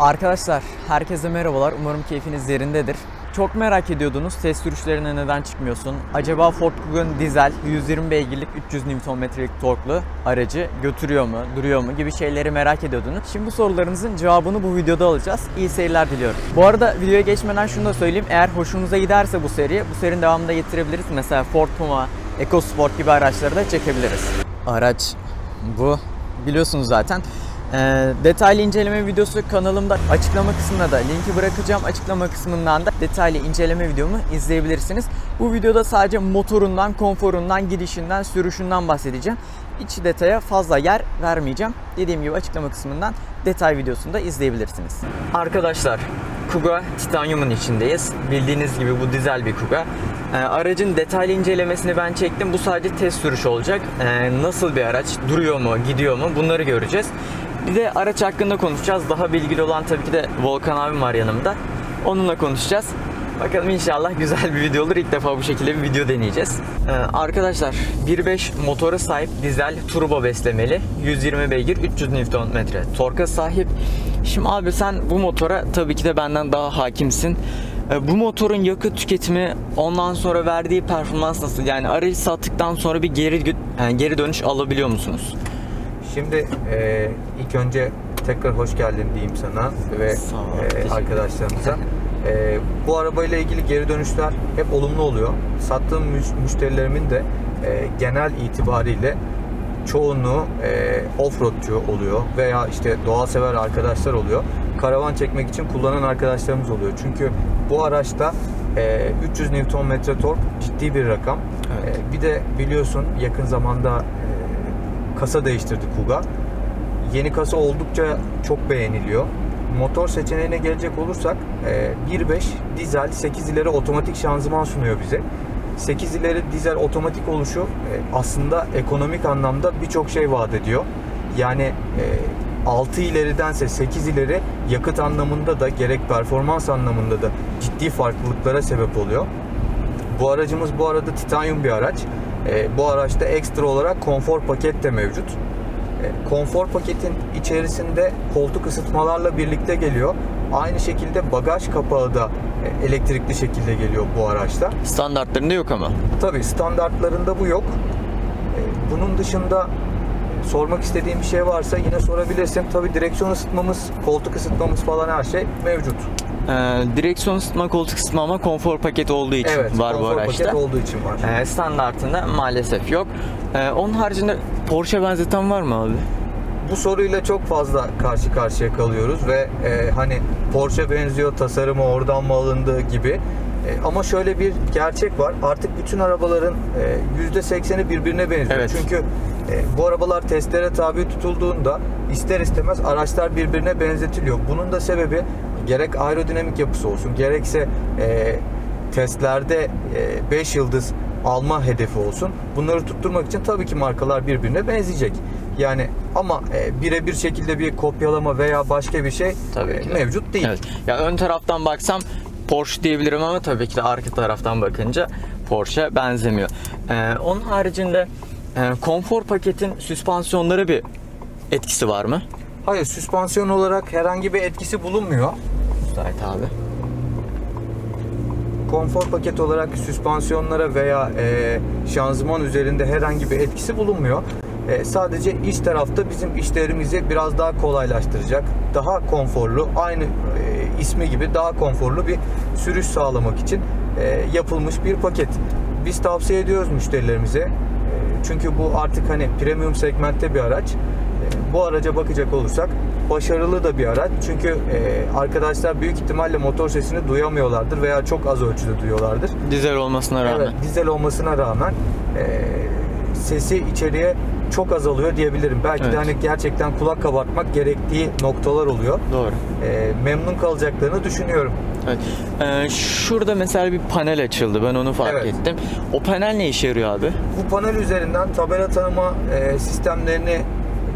Arkadaşlar herkese merhabalar. Umarım keyfiniz yerindedir. Çok merak ediyordunuz test sürüşlerine neden çıkmıyorsun? Acaba Ford Kugan dizel 120 beygirlik 300 Nm'lik torklu aracı götürüyor mu, duruyor mu gibi şeyleri merak ediyordunuz. Şimdi bu sorularınızın cevabını bu videoda alacağız. İyi seyirler diliyorum. Bu arada videoya geçmeden şunu da söyleyeyim. Eğer hoşunuza giderse bu seri, bu serinin devamında getirebiliriz. Mesela Ford Puma, EcoSport gibi araçları da çekebiliriz. Araç bu. Biliyorsunuz zaten. E, detaylı inceleme videosu kanalımda açıklama kısmına da linki bırakacağım. Açıklama kısmından da detaylı inceleme videomu izleyebilirsiniz. Bu videoda sadece motorundan, konforundan, gidişinden, sürüşünden bahsedeceğim. İç detaya fazla yer vermeyeceğim. Dediğim gibi açıklama kısmından detay videosunu da izleyebilirsiniz. Arkadaşlar Kuga Titanium'un içindeyiz. Bildiğiniz gibi bu dizel bir Kuga. E, aracın detaylı incelemesini ben çektim. Bu sadece test sürüş olacak. E, nasıl bir araç? Duruyor mu? Gidiyor mu? Bunları göreceğiz. Bir de araç hakkında konuşacağız. Daha bilgili olan tabii ki de Volkan abim var yanımda. Onunla konuşacağız. Bakalım inşallah güzel bir video olur. İlk defa bu şekilde bir video deneyeceğiz. Ee, arkadaşlar 1.5 motora sahip dizel turbo beslemeli. 120 beygir 300 Nm torka sahip. Şimdi abi sen bu motora tabii ki de benden daha hakimsin. Ee, bu motorun yakıt tüketimi ondan sonra verdiği performans nasıl? Yani aracı sattıktan sonra bir geri yani geri dönüş alabiliyor musunuz? Şimdi e, ilk önce tekrar hoş geldin diyeyim sana ve Sağ ol, e, arkadaşlarımıza. E, bu arabayla ilgili geri dönüşler hep olumlu oluyor. Sattığım müşterilerimin de e, genel itibariyle çoğunluğu e, offroadçu oluyor veya işte doğa sever arkadaşlar oluyor. Karavan çekmek için kullanan arkadaşlarımız oluyor. Çünkü bu araçta e, 300 Nm tork ciddi bir rakam. Evet. E, bir de biliyorsun yakın zamanda kasa değiştirdi Kuga. Yeni kasa oldukça çok beğeniliyor. Motor seçeneğine gelecek olursak 1.5 e, dizel 8 ileri otomatik şanzıman sunuyor bize. 8 ileri dizel otomatik oluşu e, aslında ekonomik anlamda birçok şey vaat ediyor. Yani 6 e, ileridense 8 ileri yakıt anlamında da gerek performans anlamında da ciddi farklılıklara sebep oluyor. Bu aracımız bu arada titanyum bir araç. E, bu araçta ekstra olarak konfor paket de mevcut. E, konfor paketin içerisinde koltuk ısıtmalarla birlikte geliyor. Aynı şekilde bagaj kapağı da e, elektrikli şekilde geliyor bu araçta. Standartlarında yok ama. Tabii standartlarında bu yok. Ee, bunun dışında e, sormak istediğim bir şey varsa yine sorabilirsin. Tabii direksiyon ısıtmamız, koltuk ısıtmamız falan her şey mevcut. Ee, direksiyon ısıtma, koltuk ısıtma ama konfor paketi olduğu için evet, var bu araçta. Evet, olduğu için var. Ee, standartında maalesef yok. Ee, onun haricinde Porsche benzeten var mı abi? bu soruyla çok fazla karşı karşıya kalıyoruz ve e, hani Porsche benziyor tasarımı oradan mı alındı gibi e, ama şöyle bir gerçek var artık bütün arabaların e, %80'i birbirine benziyor evet. çünkü e, bu arabalar testlere tabi tutulduğunda ister istemez araçlar birbirine benzetiliyor bunun da sebebi gerek aerodinamik yapısı olsun gerekse e, testlerde 5 e, yıldız alma hedefi olsun. Bunları tutturmak için tabii ki markalar birbirine benzeyecek. Yani ama e, birebir şekilde bir kopyalama veya başka bir şey tabii e, ki. mevcut değil. Evet. Ya ön taraftan baksam Porsche diyebilirim ama tabii ki de arka taraftan bakınca Porsche benzemiyor. Ee, onun haricinde e, konfor paketin süspansiyonları bir etkisi var mı? Hayır süspansiyon olarak herhangi bir etkisi bulunmuyor. Müsait abi. Konfor paket olarak süspansiyonlara veya e, şanzıman üzerinde herhangi bir etkisi bulunmuyor. E, sadece iç tarafta bizim işlerimizi biraz daha kolaylaştıracak, daha konforlu, aynı e, ismi gibi daha konforlu bir sürüş sağlamak için e, yapılmış bir paket. Biz tavsiye ediyoruz müşterilerimize. E, çünkü bu artık hani premium segmentte bir araç bu araca bakacak olursak başarılı da bir araç. Çünkü e, arkadaşlar büyük ihtimalle motor sesini duyamıyorlardır veya çok az ölçüde duyuyorlardır. Dizel olmasına rağmen. Evet, dizel olmasına rağmen e, sesi içeriye çok azalıyor diyebilirim. Belki evet. de hani gerçekten kulak kabartmak gerektiği noktalar oluyor. Doğru. E, memnun kalacaklarını düşünüyorum. Evet. Ee, şurada mesela bir panel açıldı. Ben onu fark evet. ettim. O panel ne işe yarıyor abi? Bu panel üzerinden tabela tanıma e, sistemlerini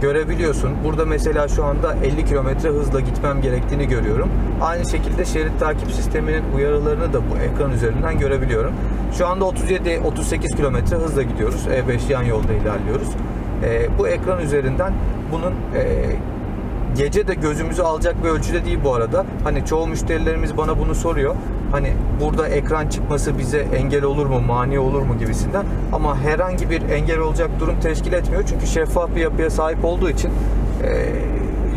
görebiliyorsun. Burada mesela şu anda 50 kilometre hızla gitmem gerektiğini görüyorum. Aynı şekilde şerit takip sisteminin uyarılarını da bu ekran üzerinden görebiliyorum. Şu anda 37-38 kilometre hızla gidiyoruz. E5 yan yolda ilerliyoruz. E, bu ekran üzerinden bunun e, gece de gözümüzü alacak bir ölçüde değil bu arada. Hani çoğu müşterilerimiz bana bunu soruyor. Hani burada ekran çıkması bize engel olur mu, mani olur mu gibisinden. Ama herhangi bir engel olacak durum teşkil etmiyor. Çünkü şeffaf bir yapıya sahip olduğu için e,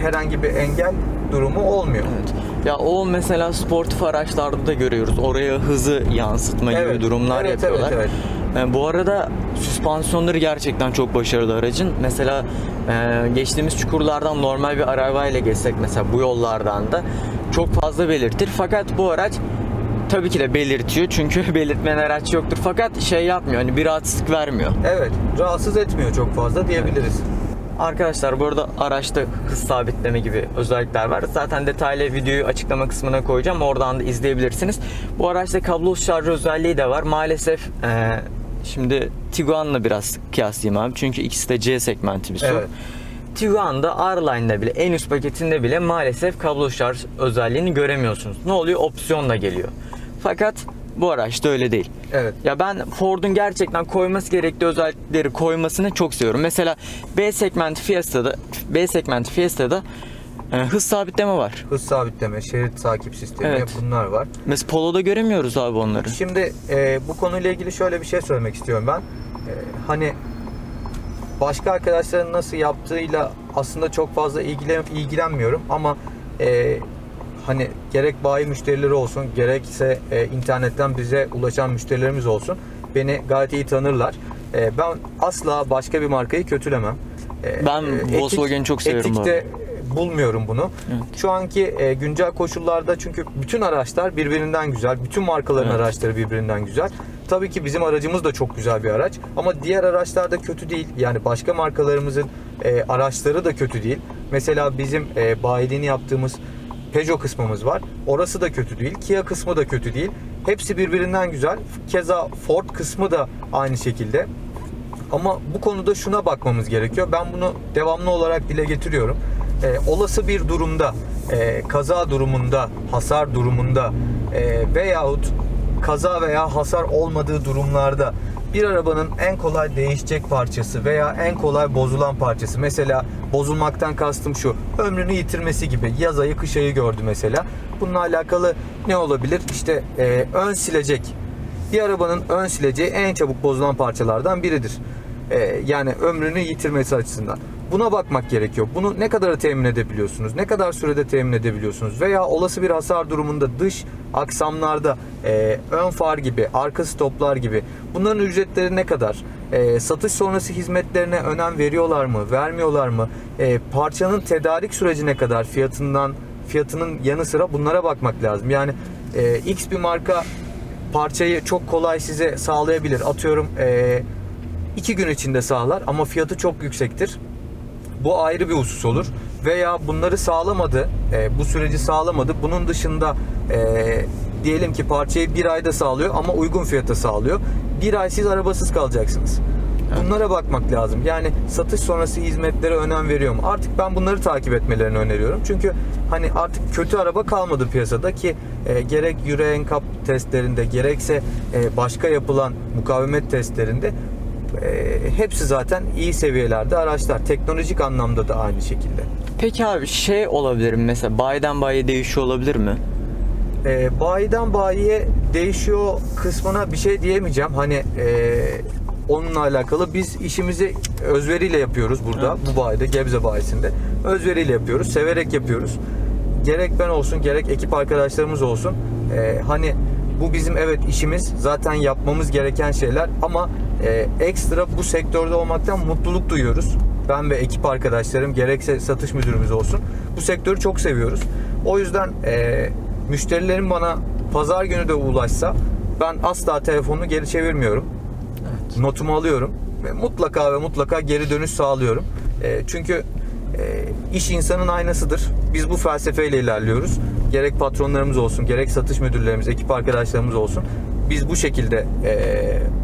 herhangi bir engel durumu olmuyor. Evet. Ya o mesela sportif araçlarda da görüyoruz. Oraya hızı yansıtma evet. gibi durumlar evet, yapıyorlar. Evet, evet bu arada süspansiyonları gerçekten çok başarılı aracın. Mesela e, geçtiğimiz çukurlardan normal bir arabayla geçsek mesela bu yollardan da çok fazla belirtir. Fakat bu araç tabii ki de belirtiyor. Çünkü belirtmeyen araç yoktur. Fakat şey yapmıyor. Hani bir rahatsızlık vermiyor. Evet. Rahatsız etmiyor çok fazla diyebiliriz. Arkadaşlar burada araçta hız sabitleme gibi özellikler var. Zaten detaylı videoyu açıklama kısmına koyacağım. Oradan da izleyebilirsiniz. Bu araçta kablosuz şarj özelliği de var. Maalesef ee, Şimdi Tiguan'la biraz kıyaslayayım abi. Çünkü ikisi de C segmenti bir su. Evet. Tiguan'da R-Line'da bile en üst paketinde bile maalesef kablo şarj özelliğini göremiyorsunuz. Ne oluyor? Opsiyon da geliyor. Fakat bu araçta öyle değil. Evet. Ya ben Ford'un gerçekten koyması gerektiği özellikleri koymasını çok seviyorum. Mesela B segment Fiesta'da B segment Fiesta'da ee, hız sabitleme var. Hız sabitleme, şerit takip sistemi evet. bunlar var. Mesela Polo'da göremiyoruz abi onları. Şimdi e, bu konuyla ilgili şöyle bir şey söylemek istiyorum ben. E, hani başka arkadaşların nasıl yaptığıyla aslında çok fazla ilgilen, ilgilenmiyorum ama e, hani gerek bayi müşterileri olsun gerekse e, internetten bize ulaşan müşterilerimiz olsun beni gayet iyi tanırlar. E, ben asla başka bir markayı kötülemem. E, ben e, Volkswagen'i çok seviyorum. Etik de bulmuyorum bunu. Evet. Şu anki e, güncel koşullarda çünkü bütün araçlar birbirinden güzel. Bütün markaların evet. araçları birbirinden güzel. Tabii ki bizim aracımız da çok güzel bir araç ama diğer araçlar da kötü değil. Yani başka markalarımızın e, araçları da kötü değil. Mesela bizim e, bayiliğini yaptığımız Peugeot kısmımız var. Orası da kötü değil. Kia kısmı da kötü değil. Hepsi birbirinden güzel. Keza Ford kısmı da aynı şekilde. Ama bu konuda şuna bakmamız gerekiyor. Ben bunu devamlı olarak dile getiriyorum e, olası bir durumda, e, kaza durumunda, hasar durumunda e, veyahut kaza veya hasar olmadığı durumlarda bir arabanın en kolay değişecek parçası veya en kolay bozulan parçası mesela bozulmaktan kastım şu ömrünü yitirmesi gibi yaz ayı kış ayı gördü mesela bununla alakalı ne olabilir işte e, ön silecek bir arabanın ön sileceği en çabuk bozulan parçalardan biridir e, yani ömrünü yitirmesi açısından Buna bakmak gerekiyor. Bunu ne kadar temin edebiliyorsunuz? Ne kadar sürede temin edebiliyorsunuz? Veya olası bir hasar durumunda dış aksamlarda e, ön far gibi, arka stoplar gibi bunların ücretleri ne kadar? E, satış sonrası hizmetlerine önem veriyorlar mı? Vermiyorlar mı? E, parçanın tedarik süreci ne kadar fiyatından fiyatının yanı sıra bunlara bakmak lazım. Yani e, X bir marka parçayı çok kolay size sağlayabilir. Atıyorum e, iki gün içinde sağlar ama fiyatı çok yüksektir. Bu ayrı bir husus olur. Veya bunları sağlamadı, e, bu süreci sağlamadı. Bunun dışında e, diyelim ki parçayı bir ayda sağlıyor ama uygun fiyata sağlıyor. Bir ay siz arabasız kalacaksınız. Bunlara bakmak lazım. Yani satış sonrası hizmetlere önem veriyorum. Artık ben bunları takip etmelerini öneriyorum. Çünkü hani artık kötü araba kalmadı piyasada ki e, gerek yüreğin kap testlerinde gerekse e, başka yapılan mukavemet testlerinde e, hepsi zaten iyi seviyelerde araçlar. Teknolojik anlamda da aynı şekilde. Peki abi şey olabilir mi mesela bayiden bayiye değişiyor olabilir mi? E, bayiden bayiye değişiyor kısmına bir şey diyemeyeceğim. Hani e, onunla alakalı biz işimizi özveriyle yapıyoruz burada. Evet. Bu bayide, Gebze bayisinde. Özveriyle yapıyoruz, severek yapıyoruz. Gerek ben olsun, gerek ekip arkadaşlarımız olsun. E, hani bu bizim evet işimiz. Zaten yapmamız gereken şeyler ama e, ekstra bu sektörde olmaktan mutluluk duyuyoruz. Ben ve ekip arkadaşlarım gerekse satış müdürümüz olsun. Bu sektörü çok seviyoruz. O yüzden e, müşterilerim bana pazar günü de ulaşsa ben asla telefonunu geri çevirmiyorum. Evet. Notumu alıyorum ve mutlaka ve mutlaka geri dönüş sağlıyorum. E, çünkü ee, iş insanın aynasıdır. Biz bu felsefeyle ilerliyoruz. Gerek patronlarımız olsun, gerek satış müdürlerimiz, ekip arkadaşlarımız olsun. Biz bu şekilde e,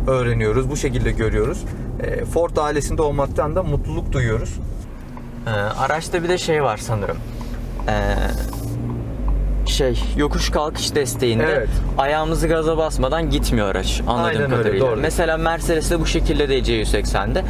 öğreniyoruz, bu şekilde görüyoruz. E, Ford ailesinde olmaktan da mutluluk duyuyoruz. Ee, araçta bir de şey var sanırım. Ee, şey yokuş kalkış desteğinde evet. ayağımızı gaza basmadan gitmiyor araç anladığım Aynen kadarıyla. Öyle, doğru. Mesela Mercedes'te bu şekilde de C180'de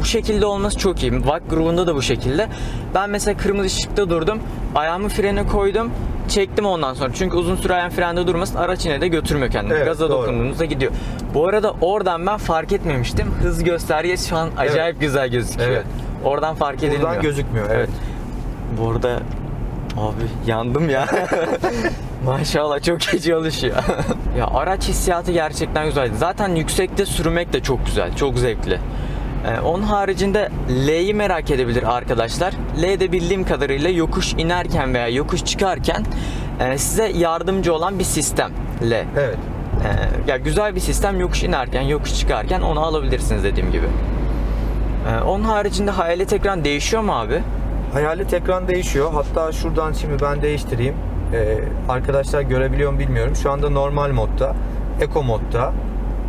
bu şekilde olması çok iyi. Vak grubunda da bu şekilde. Ben mesela kırmızı ışıkta durdum. Ayağımı frene koydum. Çektim ondan sonra. Çünkü uzun süre ayağım frende durmasın. Araç yine de götürmüyor kendini. Evet, Gaza dokunduğunuzda gidiyor. Bu arada oradan ben fark etmemiştim. Hız göstergesi şu an acayip evet. güzel gözüküyor. Evet. Oradan fark Buradan edilmiyor. Buradan gözükmüyor. Evet. Bu arada abi yandım ya. Maşallah çok iyi çalışıyor. ya araç hissiyatı gerçekten güzel. Zaten yüksekte sürmek de çok güzel. Çok zevkli. Ee, onun haricinde L'yi merak edebilir arkadaşlar. L'de bildiğim kadarıyla yokuş inerken veya yokuş çıkarken e, size yardımcı olan bir sistem L. Evet. Ee, ya güzel bir sistem yokuş inerken, yokuş çıkarken onu alabilirsiniz dediğim gibi. Ee, onun haricinde hayalet ekran değişiyor mu abi? Hayalet ekran değişiyor. Hatta şuradan şimdi ben değiştireyim. Ee, arkadaşlar görebiliyor mu bilmiyorum. Şu anda normal modda, eco modda,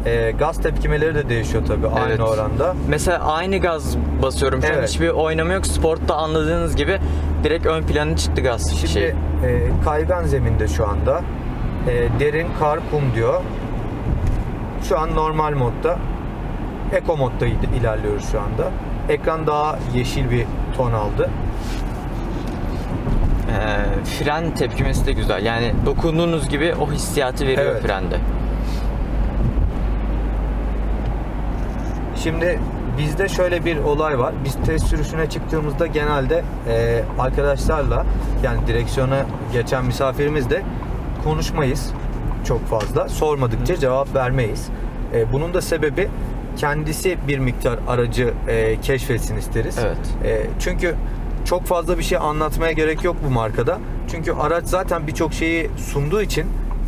e, gaz tepkimeleri de değişiyor tabii aynı oranda. Mesela aynı gaz basıyorum. Şu evet. an hiçbir oynama yok. Sportta anladığınız gibi direkt ön plana çıktı gaz. Şimdi şey. e, kaygan zeminde şu anda. E, derin kar kum diyor. Şu an normal modda. Eko modda ilerliyoruz şu anda. Ekran daha yeşil bir ton aldı. E, fren tepkimesi de güzel. Yani dokunduğunuz gibi o hissiyatı veriyor evet. frende. Şimdi bizde şöyle bir olay var. Biz test sürüşüne çıktığımızda genelde e, arkadaşlarla yani direksiyona geçen misafirimizle konuşmayız çok fazla. Sormadıkça Hı. cevap vermeyiz. E, bunun da sebebi kendisi bir miktar aracı e, keşfetsin isteriz. Evet. E, çünkü çok fazla bir şey anlatmaya gerek yok bu markada. Çünkü araç zaten birçok şeyi sunduğu için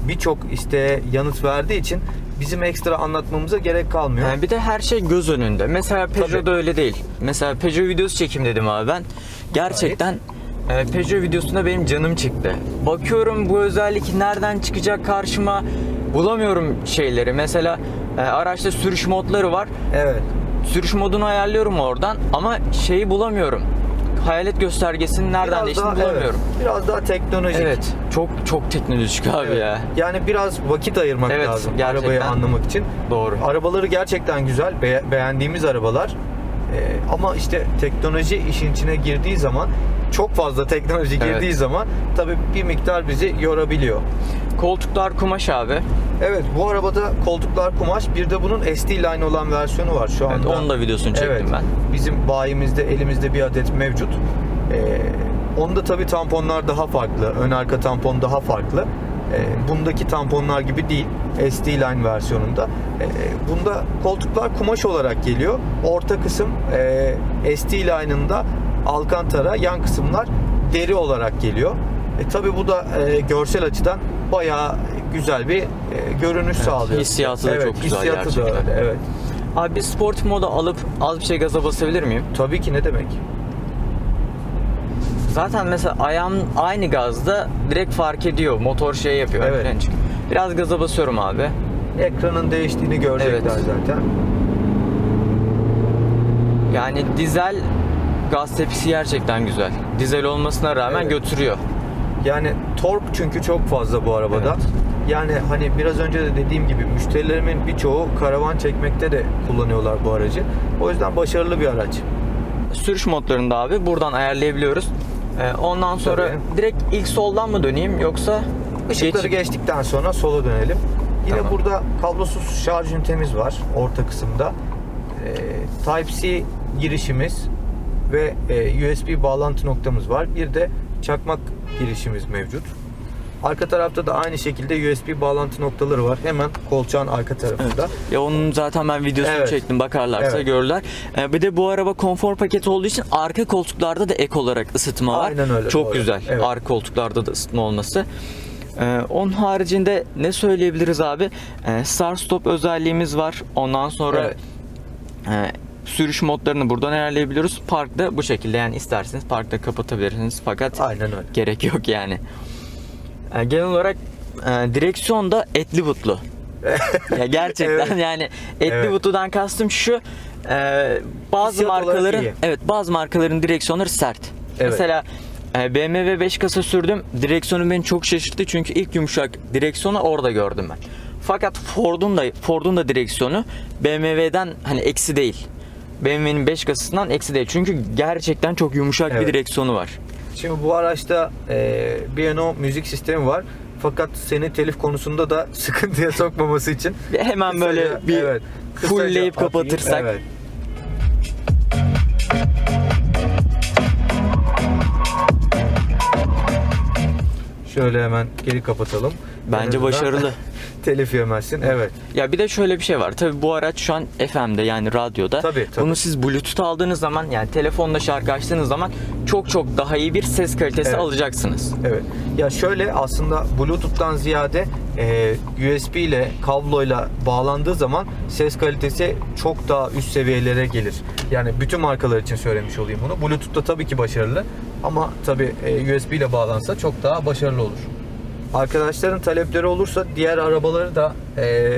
birçok işte yanıt verdiği için bizim ekstra anlatmamıza gerek kalmıyor. Yani bir de her şey göz önünde. Mesela Peugeot da öyle değil. Mesela Peugeot videosu çekim dedim abi ben. Gerçekten e, Peugeot videosunda benim canım çıktı. Bakıyorum bu özellik nereden çıkacak karşıma bulamıyorum şeyleri. Mesela e, araçta sürüş modları var. Evet. Sürüş modunu ayarlıyorum oradan ama şeyi bulamıyorum hayalet göstergesini nereden biraz değiştiğini Evet, biraz daha teknolojik. Evet. Çok çok teknolojik abi evet. ya. Yani biraz vakit ayırmak evet, lazım gerçekten. arabayı anlamak için. Doğru. Arabaları gerçekten güzel. Be- beğendiğimiz arabalar. Ee, ama işte teknoloji işin içine girdiği zaman çok fazla teknoloji girdiği evet. zaman tabii bir miktar bizi yorabiliyor. Koltuklar kumaş abi. Evet bu arabada koltuklar kumaş. Bir de bunun ST line olan versiyonu var şu anda. Evet, onun da videosunu çektim evet, ben. Bizim bayimizde elimizde bir adet mevcut. Ee, onda tabi tamponlar daha farklı. Ön arka tampon daha farklı. Ee, bundaki tamponlar gibi değil. ST line versiyonunda. Ee, bunda koltuklar kumaş olarak geliyor. Orta kısım e, ee, ST line'ında Alcantara, yan kısımlar deri olarak geliyor. E, tabii bu da e, görsel açıdan bayağı güzel bir e, görünüş evet, sağlıyor. Hissiyatı da evet, çok güzel hissiyatı gerçekten. Da, öyle, evet. Abi bir sport moda alıp az bir şey gaza basabilir miyim? Tabii ki ne demek? Zaten mesela ayağım aynı gazda direkt fark ediyor. Motor şey yapıyor. Evet. French. Hani Biraz gaza basıyorum abi. Ekranın değiştiğini görecekler evet. zaten. Yani dizel gaz tepisi gerçekten güzel. Dizel olmasına rağmen evet. götürüyor. Yani tork çünkü çok fazla bu arabada. Evet. Yani hani biraz önce de dediğim gibi müşterilerimin birçoğu karavan çekmekte de kullanıyorlar bu aracı. O yüzden başarılı bir araç. Sürüş modlarını da abi buradan ayarlayabiliyoruz. Ee, ondan sonra Tabii. direkt ilk soldan mı döneyim yoksa ışıkları geç... geçtikten sonra sola dönelim. Yine tamam. burada kablosuz şarj ünitemiz var orta kısımda. Ee, Type-C girişimiz ve e, USB bağlantı noktamız var. Bir de çakmak girişimiz mevcut. Arka tarafta da aynı şekilde USB bağlantı noktaları var. Hemen kolçağın arka tarafında. Evet. Ya onun zaten ben videosunu evet. çektim. Bakarlarsa evet. görürler. Ee, bir de bu araba konfor paketi olduğu için arka koltuklarda da ek olarak ısıtma var. Aynen öyle. Çok güzel. Evet. Arka koltuklarda da ısıtma olması. Ee, onun haricinde ne söyleyebiliriz abi? Ee, Star Stop özelliğimiz var. Ondan sonra evet. e, sürüş modlarını buradan ayarlayabiliyoruz. Parkta bu şekilde yani isterseniz parkta kapatabilirsiniz fakat Aynen öyle. gerek yok yani. yani ee, genel olarak e, direksiyon da etli butlu. ya gerçekten evet. yani etli evet. butudan kastım şu e, bazı Hissiyat markaların evet bazı markaların direksiyonları sert. Evet. Mesela e, BMW 5 kasa sürdüm. Direksiyonu beni çok şaşırttı çünkü ilk yumuşak direksiyonu orada gördüm ben. Fakat Ford'un da Ford'un da direksiyonu BMW'den hani eksi değil. BMW'nin 5 kasasından eksi değil. Çünkü gerçekten çok yumuşak evet. bir direksiyonu var. Şimdi bu araçta e, B&O müzik sistemi var. Fakat seni telif konusunda da sıkıntıya sokmaması için hemen kısaca, böyle bir evet, fullleyip kapatırsak. evet. Şöyle hemen geri kapatalım. Bence başarılı. Telif yemezsin evet. Ya bir de şöyle bir şey var. Tabii bu araç şu an FM'de yani radyoda. Tabii tabii. Bunu siz Bluetooth aldığınız zaman yani telefonla şarkı açtığınız zaman çok çok daha iyi bir ses kalitesi evet. alacaksınız. Evet. Ya şöyle aslında Bluetooth'tan ziyade e, USB ile kabloyla bağlandığı zaman ses kalitesi çok daha üst seviyelere gelir. Yani bütün markalar için söylemiş olayım bunu. Bluetooth'ta tabii ki başarılı ama tabii e, USB ile bağlansa çok daha başarılı olur. Arkadaşların talepleri olursa diğer arabaları da e,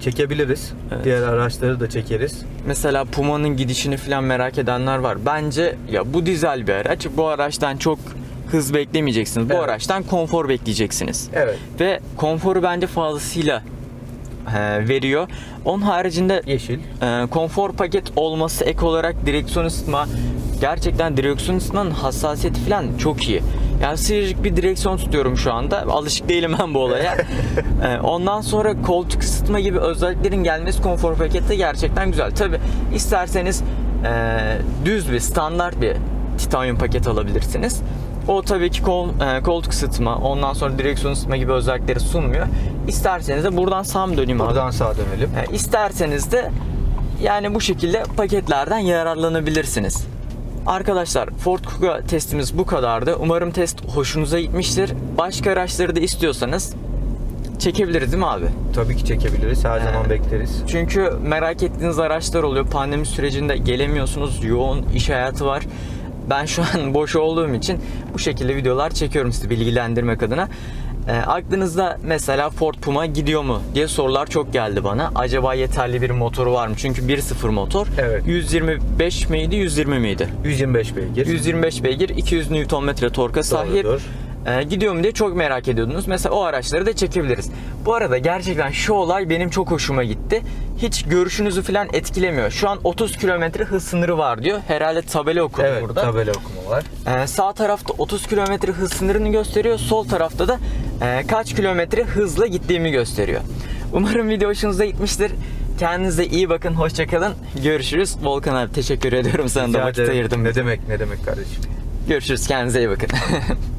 çekebiliriz. Evet. Diğer araçları da çekeriz. Mesela Puma'nın gidişini falan merak edenler var. Bence ya bu dizel bir araç. Bu araçtan çok hız beklemeyeceksiniz. Bu araçtan konfor bekleyeceksiniz. Evet. Ve konforu bence fazlasıyla e, veriyor. Onun haricinde yeşil e, konfor paket olması ek olarak direksiyon ısıtma gerçekten direksiyon ısıtmanın hassasiyeti falan çok iyi. Yani sıcacık bir direksiyon tutuyorum şu anda. Alışık değilim ben bu olaya. Ee, ondan sonra koltuk ısıtma gibi özelliklerin gelmesi konfor pakette gerçekten güzel. Tabi isterseniz e, düz bir standart bir titanyum paket alabilirsiniz. O tabii ki kol, e, koltuk ısıtma, ondan sonra direksiyon ısıtma gibi özellikleri sunmuyor. İsterseniz de buradan sağ mı döneyim Buradan abi? sağa dönelim. E, isterseniz de yani bu şekilde paketlerden yararlanabilirsiniz. Arkadaşlar Ford Kuga testimiz bu kadardı. Umarım test hoşunuza gitmiştir. Başka araçları da istiyorsanız çekebiliriz değil mi abi? Tabii ki çekebiliriz. Her ee, zaman bekleriz. Çünkü merak ettiğiniz araçlar oluyor. Pandemi sürecinde gelemiyorsunuz. Yoğun iş hayatı var. Ben şu an boş olduğum için bu şekilde videolar çekiyorum sizi bilgilendirmek adına. E, aklınızda mesela Ford Puma gidiyor mu diye sorular çok geldi bana. Acaba yeterli bir motoru var mı? Çünkü 1.0 motor. Evet. 125 miydi? 120 miydi? 125 beygir. 125 beygir, 200 Nm torka sahip. E, gidiyor mu diye çok merak ediyordunuz. Mesela o araçları da çekebiliriz. Bu arada gerçekten şu olay benim çok hoşuma gitti. Hiç görüşünüzü falan etkilemiyor. Şu an 30 kilometre hız sınırı var diyor. Herhalde tabela okudum evet, burada. Evet tabela okuma var. E, ee, sağ tarafta 30 km hız sınırını gösteriyor. Sol tarafta da ee, kaç kilometre hızla gittiğimi gösteriyor. Umarım video hoşunuza gitmiştir. Kendinize iyi bakın, hoşçakalın. Görüşürüz. Volkan abi teşekkür ediyorum sana da vakit ederim. ayırdım. Ne demek, ne demek kardeşim. Görüşürüz, kendinize iyi bakın.